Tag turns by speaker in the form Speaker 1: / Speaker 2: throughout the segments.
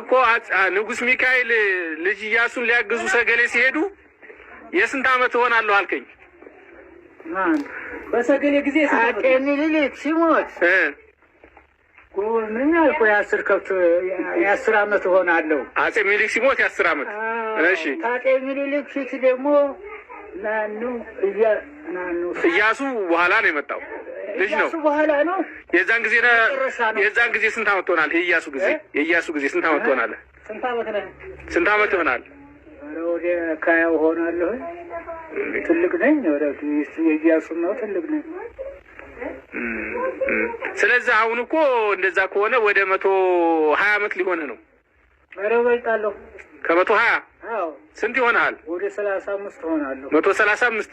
Speaker 1: እኮ ንጉስ ሚካኤል ልጅ እያሱን ሊያግዙ ሰገሌ ሲሄዱ የስንት ዓመት እሆናለሁ አልከኝ? በሰገሌ ጊዜ አጤ ሊሊት ሲሞት ምን ያልኩ የአስር ከብት የአስር ዓመት እሆናለሁ። አጼ ምኒልክ ሲሞት የአስር አመት እሺ። አጤ ምኒልክ ፊት ደግሞ ናኑ እያሱ በኋላ ነው የመጣው ልጅ ነው በኋላ ነው የዛን ጊዜ የዛን ጊዜ ስንት አመት ትሆናል? የእያሱ ጊዜ የእያሱ ጊዜ ስንት አመት ትሆናል? ስንት አመት ይሆናል? ከያው ሆናለሁ። ትልቅ ነኝ። ወደ የእያሱ ነው ትልቅ ነኝ። ስለዚህ አሁን እኮ እንደዛ ከሆነ ወደ መቶ ሀያ አመት ሊሆን ነው። ኧረ እበልጣለሁ። ከመቶ ሀያ ስንት ይሆናል? ወደ ሰላሳ አምስት ሆናለሁ። መቶ ሰላሳ አምስት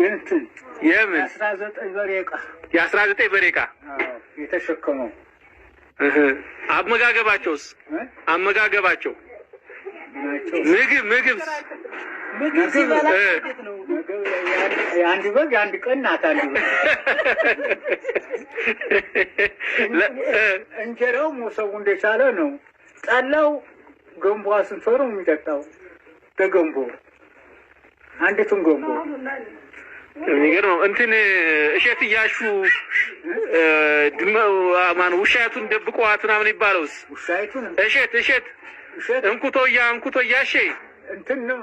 Speaker 1: የእንትን የምን የአስራ ዘጠኝ በሬ የተሸከመው አመጋገባቸውስ አመጋገባቸው ምግብ ምግብ ምግብ ሲበላ የአንድ በግ የአንድ ቀን ናት። አንድ እንጀራው ሞሰቡ እንደቻለ ነው። ጠላው ገንቦ አስንፈሩ የሚጠጣው ተገንቦ አንዲቱን ጎንጎ የሚገርመው እንትን እሸት እያሹ ማን ውሻቱን ደብቀዋት ምናምን ይባለውስ እሸት እሸት እንኩቶ እንኩቶያ እንኩቶ እሺ እንትን ነው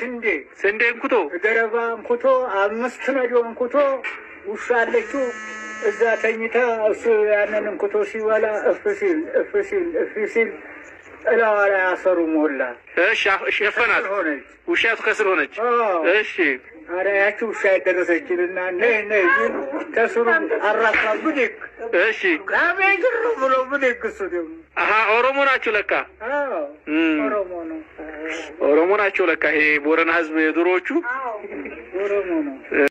Speaker 1: ስንዴ ስንዴ እንኩቶ ገረባ እንኩቶ አምስት ነዶ እንኩቶ ውሻ አለችው እዛ ተኝታ እሱ ያንን እንኩቶ ሲበላ እፍ ሲል እፍ ሲል እፍ ሲል ጥላዋ ላይ አፈሩ ሞላት። እሺ ሸፈናት፣ ውሻት ከስር ሆነች። እሺ ኧረ ያቺ ውሻ ያደረሰችልና ነይ ነይ ከስሩ አራፋ ብድግ። እሺ ካቤግር ብሎ ብድግ። እሱ ደግሞ ኦሮሞ ናቸው ለካ፣ ኦሮሞ ነው ኦሮሞ ናቸው ለካ። ይሄ ቦረና ህዝብ የድሮዎቹ ኦሮሞ ነው።